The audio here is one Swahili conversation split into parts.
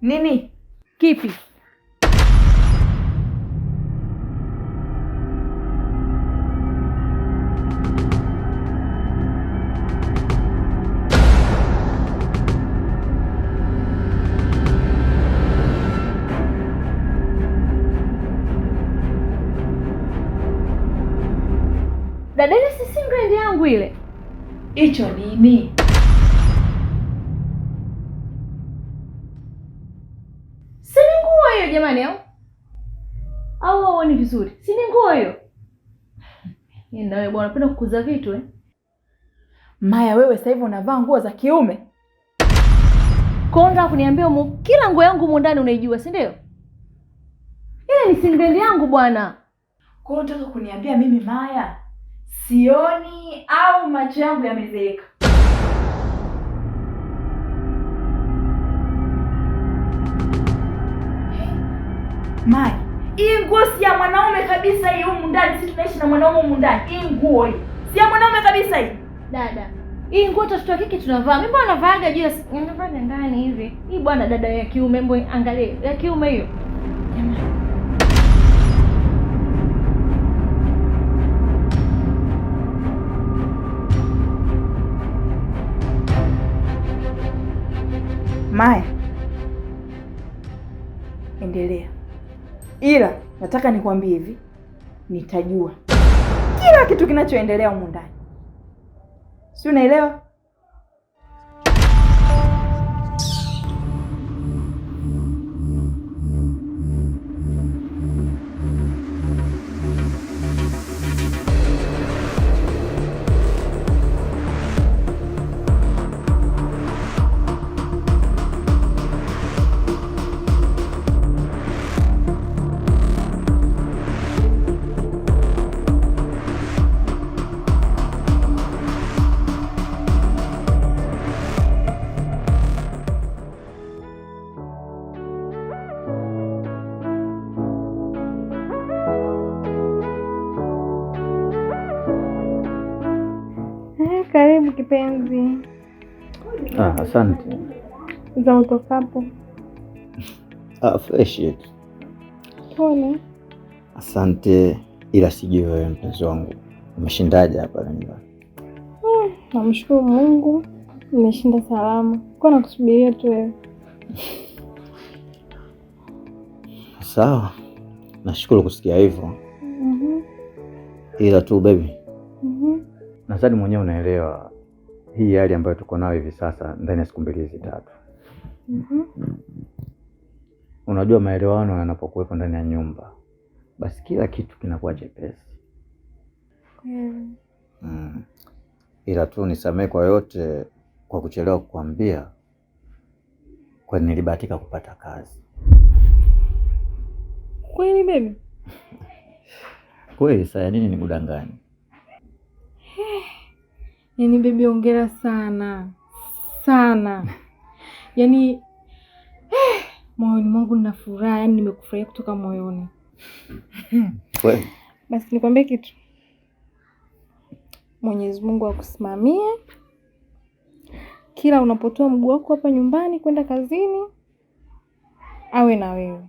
Nini, Kipi. Dadele sisi singo yangu ile. Hicho nini? Yini na wewe bwana, unapenda kukuza vitu eh? Maya, wewe sasa hivi unavaa nguo za kiume konda kuniambia mu kila nguo yangu mu ndani unaijua, si ndio? Ile ni singeli yangu bwana. Kwa hiyo unataka kuniambia mimi Maya sioni au macho yangu yamezeeka? Maya hii nguo si ya mwanaume kabisa, hii humu ndani. Sisi tunaishi na mwanaume humu ndani, hii nguo hii si ya mwanaume kabisa. Hii dada, hii nguo watoto wa kike tunavaa. Mimi bwana vaaga juu navaaga ndani hivi. Hii bwana dada ya kiume, mbona angalie ya kiume hiyo Maya, endelea ila nataka nikwambie hivi, nitajua kila kitu kinachoendelea humu ndani, si unaelewa? kipenzi. Ah, asante za utokapo. Ah, fresh yet. Pole. Asante, ila sijui wewe mpenzi wangu umeshindaje hapa nyumbani? Hmm, namshukuru Mungu nimeshinda salama, kwa nakusubiria tu wewe. Sawa, nashukuru kusikia hivyo. mm -hmm. Ila tu baby, mm -hmm. nadhani mwenyewe unaelewa hii hali ambayo tuko nayo hivi sasa ndani ya siku mbili hizi tatu. mm -hmm. Unajua, maelewano yanapokuwepo ndani ya nyumba, basi kila kitu kinakuwa chepesi. yeah. mm. Ila tu nisamehe kwa yote, kwa kuchelewa kukwambia, kwa nilibahatika kupata kazi kweli. Mimi kweli, saa ya nini nikudanganye? Yani bebi, ongera sana sana, yani eh, moyoni mwangu nina furaha, yani nimekufurahia kutoka moyoni. Basi nikwambie kitu, Mwenyezi Mungu akusimamie kila unapotoa mguu wako hapa nyumbani kwenda kazini, awe na wewe.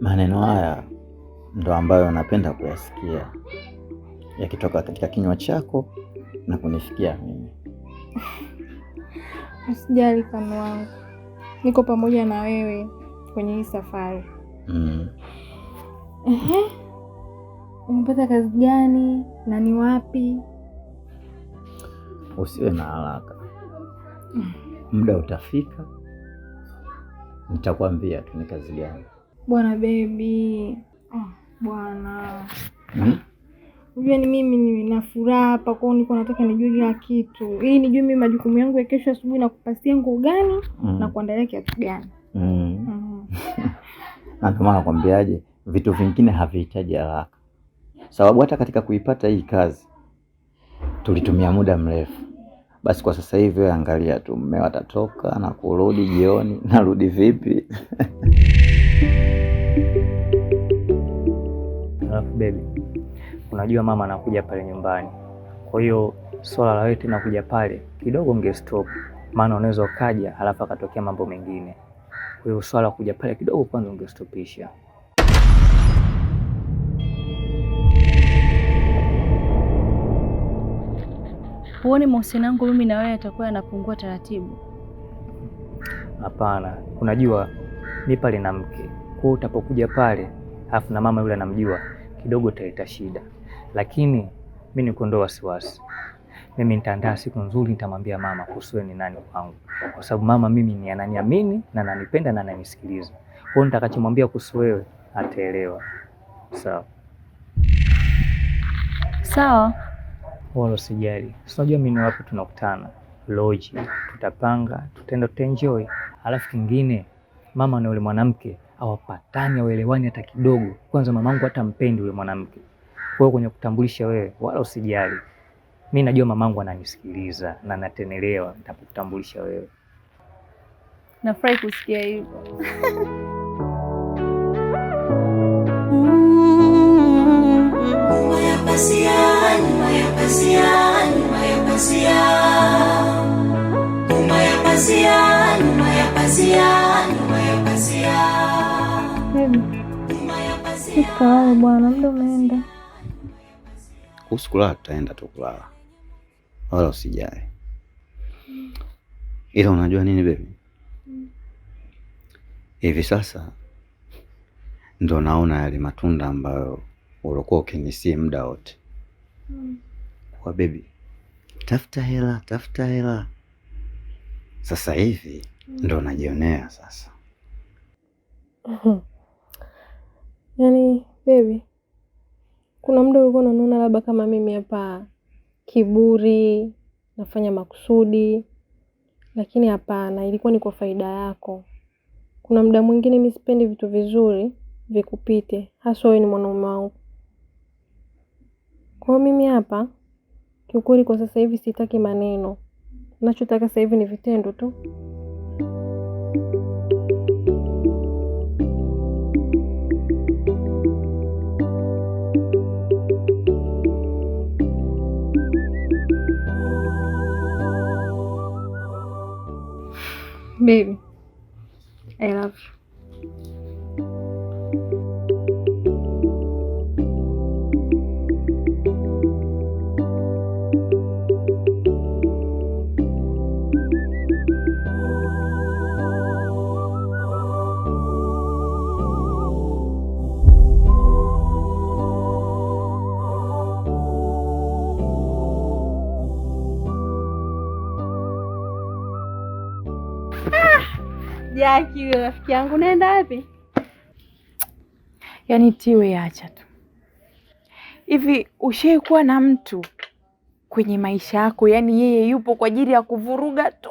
Maneno haya ndo ambayo napenda kuyasikia yakitoka katika kinywa chako na kunifikia mimi. Usijali kanu wangu, niko pamoja na wewe kwenye hii safari. Mm. umepata kazi gani na ni wapi? Usiwe na haraka, muda utafika, nitakwambia tu ni kazi gani. Bwana bebi. Oh, bwana mm. Unajua ni mimi nina furaha hapa kwao, niko nataka nijue kila kitu, ili yaani nijue mimi majukumu yangu ya kesho asubuhi na kupasia nguo gani mm. na kuandalia kiatu gani mm. mm. maana nakwambiaje, vitu vingine havihitaji haraka, sababu hata katika kuipata hii kazi tulitumia muda mrefu. Basi kwa sasa hivi wewe angalia tu, mmeo atatoka na kurudi jioni, narudi vipi? Alafu baby unajua mama anakuja pale nyumbani, kwa hiyo swala la wewe tena kuja pale kidogo ungestop, maana unaweza ukaja halafu akatokea mambo mengine. Kwa hiyo swala kuja pale kidogo kwanza ungestopisha. Huoni mahusiano yangu mimi na wewe yatakuwa yanapungua taratibu? Hapana, unajua mi pale na mke, kwa utapokuja pale alafu na mama yule anamjua, kidogo italeta shida lakini mi nikuondoa wasiwasi. Mimi nitaandaa siku nzuri, nitamwambia mama kuhusu ni nani kwangu, kwa sababu mama mimi ni ananiamini na ananipenda na ananisikiliza. Kwa hiyo nitakachomwambia kuhusu wewe ataelewa. Sawa sawa, wala usijali. Unajua mimi ni wapi tunakutana loji, tutapanga, tutaenda, tutaenjoy. Alafu kingine, mama na yule mwanamke hawapatani, hawaelewani hata kidogo. Kwanza mamangu hata mpendi yule mwanamke wewe kwenye kutambulisha wewe, wala usijali. Mimi najua mamangu ananisikiliza na natenelewa, nitakutambulisha wewe. Nafurahi kusikia hivyo. Bwana, muda umeenda. Kuhusu kulala, tutaenda tu kulala, wala usijali. Ila unajua nini bebi, hivi sasa ndo naona yale matunda ambayo ulikuwa ukinisii muda wote kwa bebi, tafuta hela, tafuta hela. Sasa hivi ndo najionea sasa. Yani bebi kuna muda ulikuwa unaniona labda kama mimi hapa kiburi nafanya makusudi, lakini hapana, ilikuwa ni kwa faida yako. Kuna muda mwingine mimi sipendi vitu vizuri vikupite, hasa wewe ni mwanaume wangu. Kwa hiyo mimi hapa kiukweli, kwa sasa hivi sitaki maneno, nachotaka sasa hivi ni vitendo tu. Baby, I love you. umejaa akili rafiki yangu. Naenda wapi? Yaani Tiwe, acha tu. Hivi ushaikuwa na mtu kwenye maisha yako, yaani yeye yupo kwa ajili ya kuvuruga tu,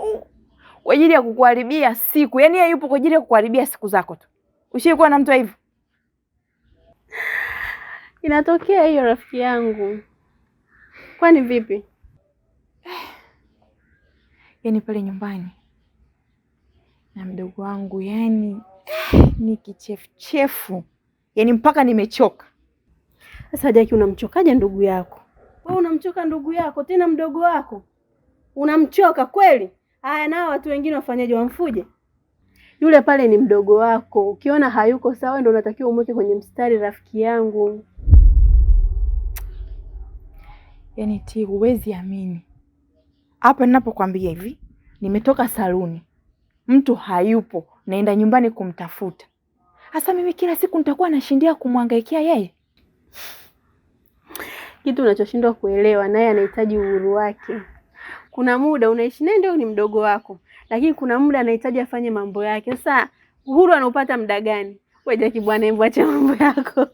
kwa ajili ya kukuharibia siku, yaani yeye yupo kwa ajili ya kukuharibia siku zako tu? Ushaikuwa na mtu hivyo? Inatokea hiyo rafiki yangu. Kwani vipi? Yaani pale nyumbani na mdogo wangu yani eh, ni kichefuchefu yani mpaka nimechoka. Sasa Jaki, unamchokaje ndugu yako? Wewe unamchoka ndugu yako tena mdogo wako unamchoka kweli? Haya, nao watu wengine wafanyaje? Wamfuje? Yule pale ni mdogo wako, ukiona hayuko sawa ndio unatakiwa umweke kwenye mstari, rafiki yangu. Yani ti huwezi amini, hapa ninapokuambia hivi, nimetoka saluni mtu hayupo, naenda nyumbani kumtafuta. Hasa mimi kila siku nitakuwa nashindia kumwangaikia yeye? Kitu unachoshindwa kuelewa, naye anahitaji uhuru wake. Kuna muda unaishi naye, ndio ni mdogo wako, lakini kuna muda anahitaji afanye mambo yake. Sasa uhuru anaupata muda gani? We Jaki bwana, hebu acha mambo yako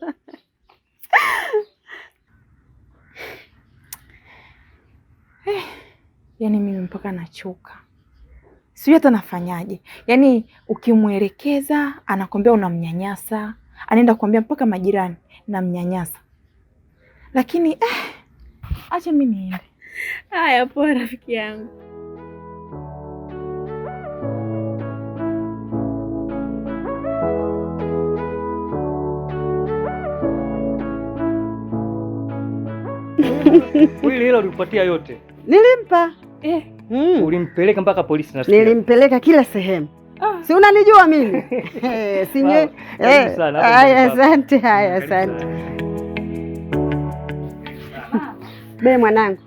Hey, eh, yani mimi mpaka nachoka sijui hata nafanyaje. Yaani ukimwelekeza anakwambia unamnyanyasa, anaenda kuambia mpaka majirani namnyanyasa. Lakini eh, acha mi niende. Haya, poa rafiki yangu. Wili hilo ulipatia yote? Nilimpa eh mm. Ulimpeleka mpaka polisi nasikia. Nilimpeleka kila sehemu ah. Si unanijua mimi sinye. Eh. Haya, asante. Haya, asante be mwanangu.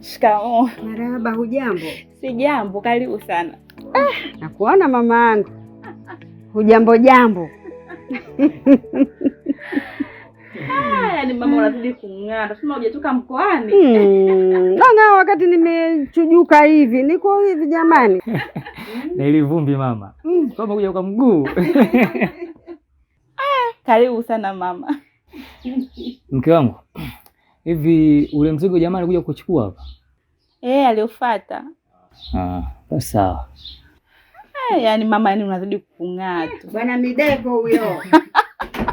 Shikamoo. Marahaba. Hujambo? Si jambo, Karibu sana. Ah, nakuona mama yangu. Hujambo jambo. yani mama mm. unazidi kung'aa, hujatoka mkoani mm. nang'aa. Wakati nimechujuka hivi, niko hivi jamani, mm. nilivumbi mama kama kuja kwa mguu. Karibu sana mama. Mke wangu, hivi ule mzigo jamani kuja kuchukua hapa eh? Aliofuata ah, sawa. yani mama, yani unazidi kung'aa tu bwana. Mideko huyo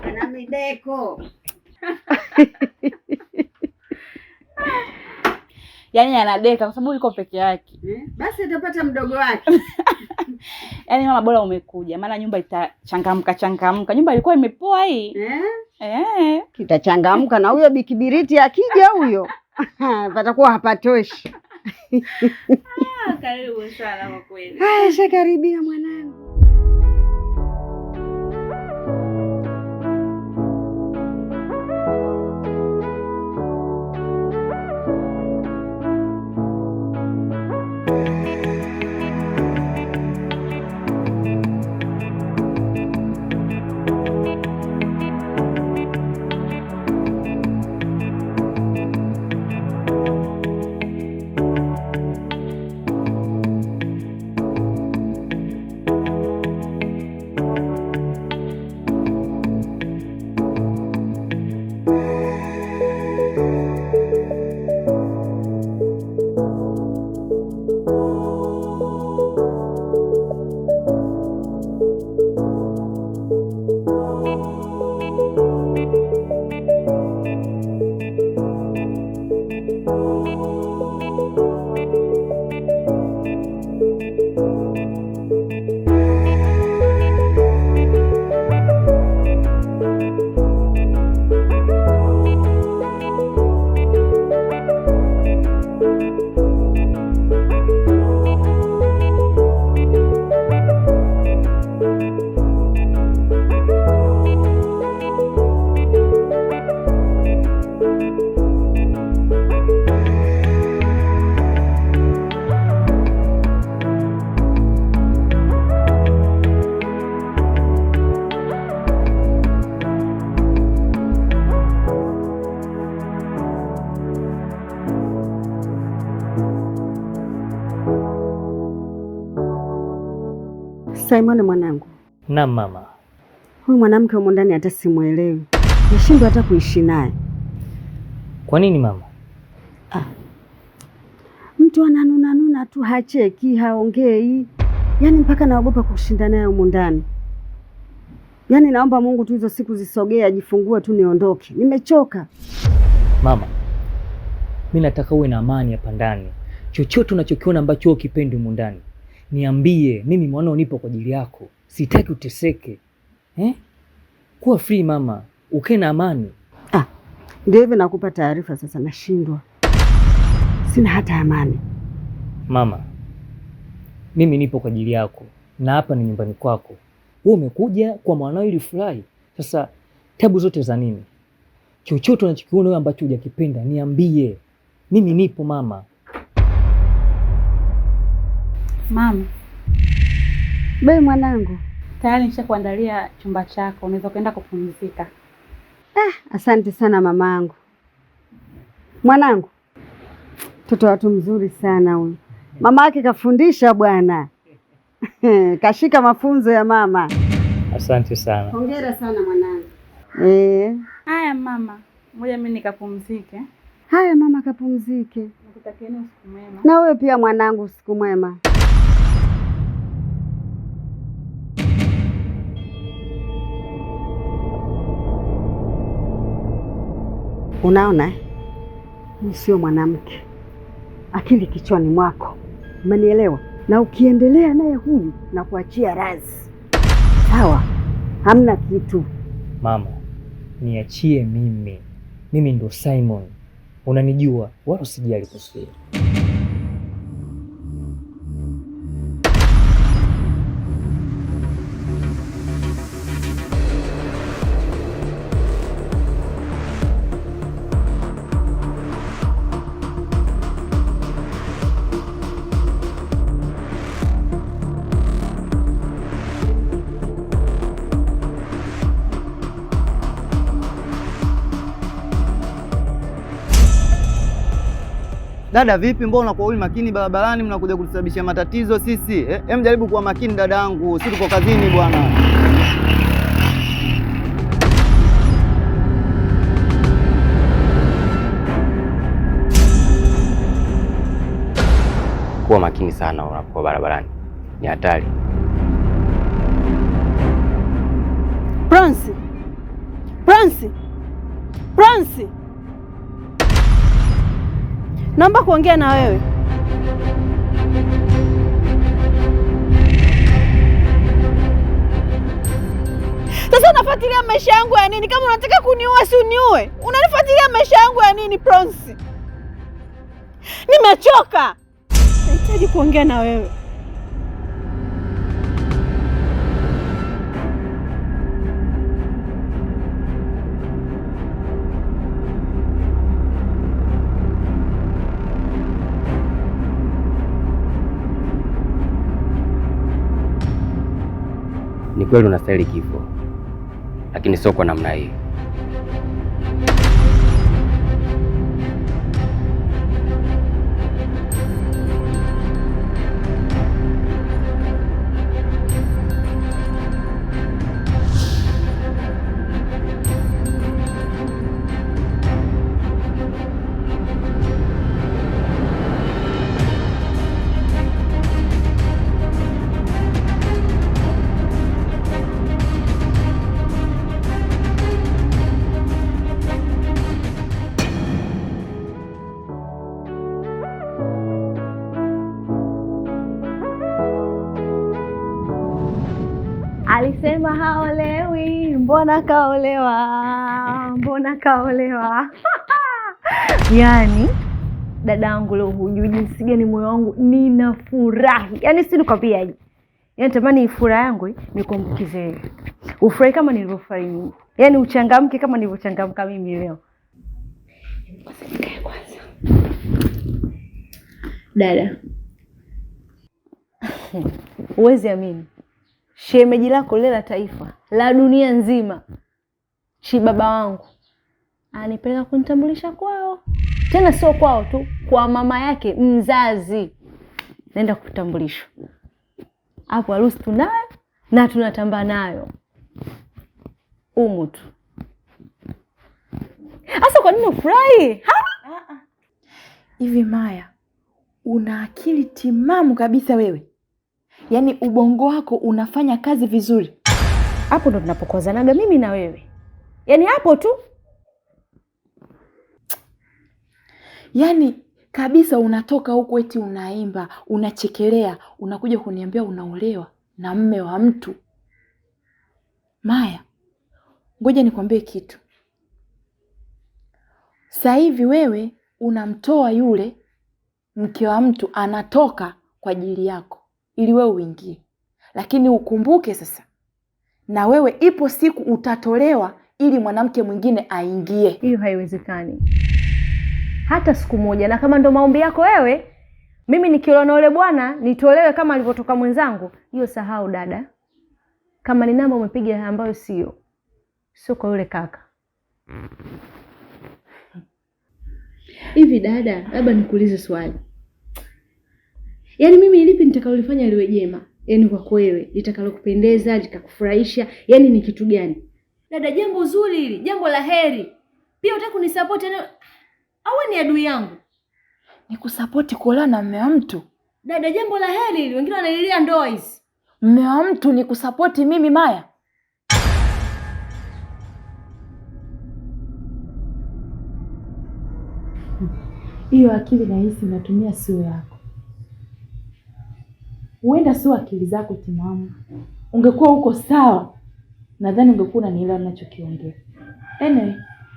bwana Mideko. Yaani anadeka kwa sababu yuko peke yake eh? Basi atapata mdogo wake yaani mama, bora umekuja, maana nyumba itachangamka changamka. Nyumba ilikuwa imepoa hii eh? Eh. Itachangamka na huyo bikibiriti akija huyo patakuwa hapatoshi. Ah, karibu sana kwa kweli. Haya, shakaribia mwanangu. Simon mwanangu. Naam mama. Huyu mwanamke humo ndani hata simwelewi, nashindwa hata kuishi naye. Kwa nini mama? Ah. Mtu ananuna nuna tu, hacheki, haongei, yaani mpaka naogopa kushinda naye humo ndani. Yaani naomba Mungu tu hizo siku zisogee, ajifungue tu, niondoke, nimechoka. Mama, mi nataka uwe na amani hapa ndani, chochote unachokiona ambacho ukipendi humo ndani niambie mimi, mwanao nipo kwa ajili yako, sitaki uteseke eh? Kuwa free mama, ukae na amani. Ah, ndio hivyo, nakupa taarifa sasa, nashindwa, sina hata amani. Mama, mimi nipo kwa ajili yako na hapa ni nyumbani kwako. Wewe umekuja kwa mwanao ili furahi. Sasa tabu zote za nini? Chochote unachokiona wewe ambacho hujakipenda niambie, mimi nipo mama. Mama be, mwanangu, tayari nishakuandalia chumba chako, unaweza kwenda kupumzika. Ah, asante sana mamangu. Mwanangu, mtoto watu mzuri sana huyu, mama yake kafundisha bwana kashika mafunzo ya mama. Asante sana, hongera sana mwanangu. Eh, eh. haya mama, moja mimi nikapumzike. Haya mama, kapumzike. Nakutakieni usiku mwema. Na wewe pia mwanangu, usiku mwema. Unaona, mi sio mwanamke, akili kichwani mwako, umenielewa? Na ukiendelea naye huyu na kuachia razi, sawa? Hamna kitu. Mama, niachie mimi, mimi ndo Simon, unanijua wala usijali. Kusii Dada vipi, mbona unakuwa huyu makini barabarani, mnakuja kutusababishia matatizo sisi eh? Hem, jaribu kuwa makini dadangu, si tuko kazini bwana. Kuwa makini sana unapokuwa barabarani, ni hatari. Prince. Prince. Prince naomba kuongea na wewe. Sasa unafuatilia maisha yangu ya nini? Kama unataka kuniua, si uniue. Unanifuatilia maisha yangu ya nini, Pronsi? Nimechoka, nahitaji kuongea na wewe. kweli unastahili kifo, lakini sio kwa namna hii. mbona kaolewa, mbona kaolewa. yani dada dadangu leo, hujui jinsi gani moyo wangu ninafurahi, yaani si nikwambiaje, yaani tamani furaha yangu nikumbukize ufurahi kama nilivyofurahi mimi, yani uchangamke kama nilivyochangamka mimi leo. Dada, huwezi amini shemeji lako Lela Taifa la dunia nzima. Chi baba wangu anipeleka kunitambulisha kwao, tena sio kwao tu, kwa mama yake mzazi. Naenda kutambulishwa hapo, harusi tunayo na tunatamba nayo umu tu. Hasa kwa nini ufurahi ah, ah. hivi? Maya, una akili timamu kabisa wewe, yaani ubongo wako unafanya kazi vizuri hapo ndo tunapokozanaga mimi na wewe, yaani hapo tu, yaani kabisa. Unatoka huku eti unaimba unachekelea, unakuja kuniambia unaolewa na mme wa mtu. Maya, ngoja nikwambie kitu. Sasa hivi wewe unamtoa yule mke wa mtu, anatoka kwa ajili yako ili wewe uingie, lakini ukumbuke sasa na wewe ipo siku utatolewa ili mwanamke mwingine aingie. Hiyo haiwezekani hata siku moja, na kama ndo maombi yako wewe, mimi nikiolewa na yule bwana nitolewe kama alivyotoka mwenzangu, hiyo sahau dada. Kama ni namba umepiga ambayo sio sio kwa yule kaka hivi. Dada, labda nikuulize swali, yaani mimi ilipi nitakalolifanya liwe jema? yani kwako wewe litakalokupendeza litakufurahisha, yani ni kitu gani? Dada, jambo zuri hili, jambo la heri. Pia utaki kunisapoti au ni adui yangu? Nikusapoti kuolewa na mme wa mtu? Dada, jambo la heri hili, wengine wanalilia ndoa hizi. Mme wa mtu ni kusapoti mimi Maya? Hiyo akili nahisi unatumia sio yako. Huenda sio akili zako timamu. Ungekuwa uko sawa, nadhani ungekuwa unanielewa ninachokiongea. Anyway,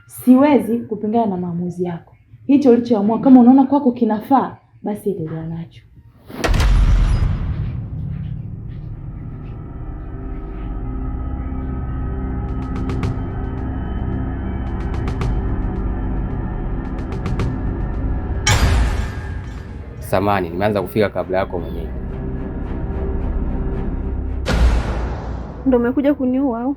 siwezi kupingana na maamuzi yako. Hicho ulichoamua kama unaona kwako kinafaa, basi endelea nacho. Samani, nimeanza kufika kabla yako mwenyewe. Ndio umekuja kuniua au?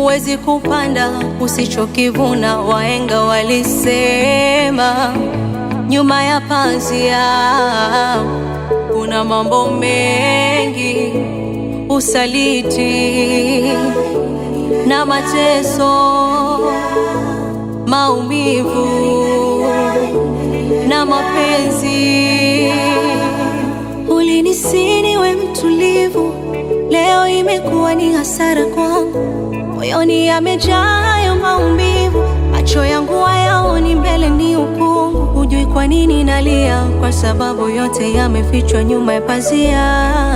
huwezi kupanda usichokivuna. Wahenga walisema nyuma ya pazia kuna mambo mengi, usaliti na mateso, maumivu na mapenzi. Ulinisini we mtulivu, leo imekuwa ni hasara kwangu moyoni yamejaa hayo maumivu, macho yangu hayaoni mbele, ni ukungu. Hujui kwa nini nalia, kwa sababu yote yamefichwa nyuma ya pazia.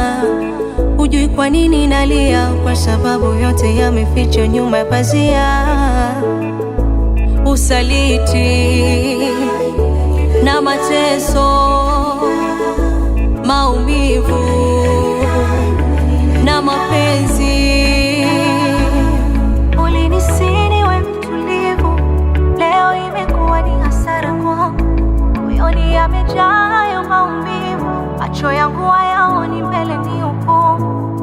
Hujui kwa nini nalia, kwa sababu yote yamefichwa nyuma ya pazia. Usaliti na mateso, maumivu na mapenzi yamejaa hayo maumivu, macho yangu hayaoni mbele, ni hukumu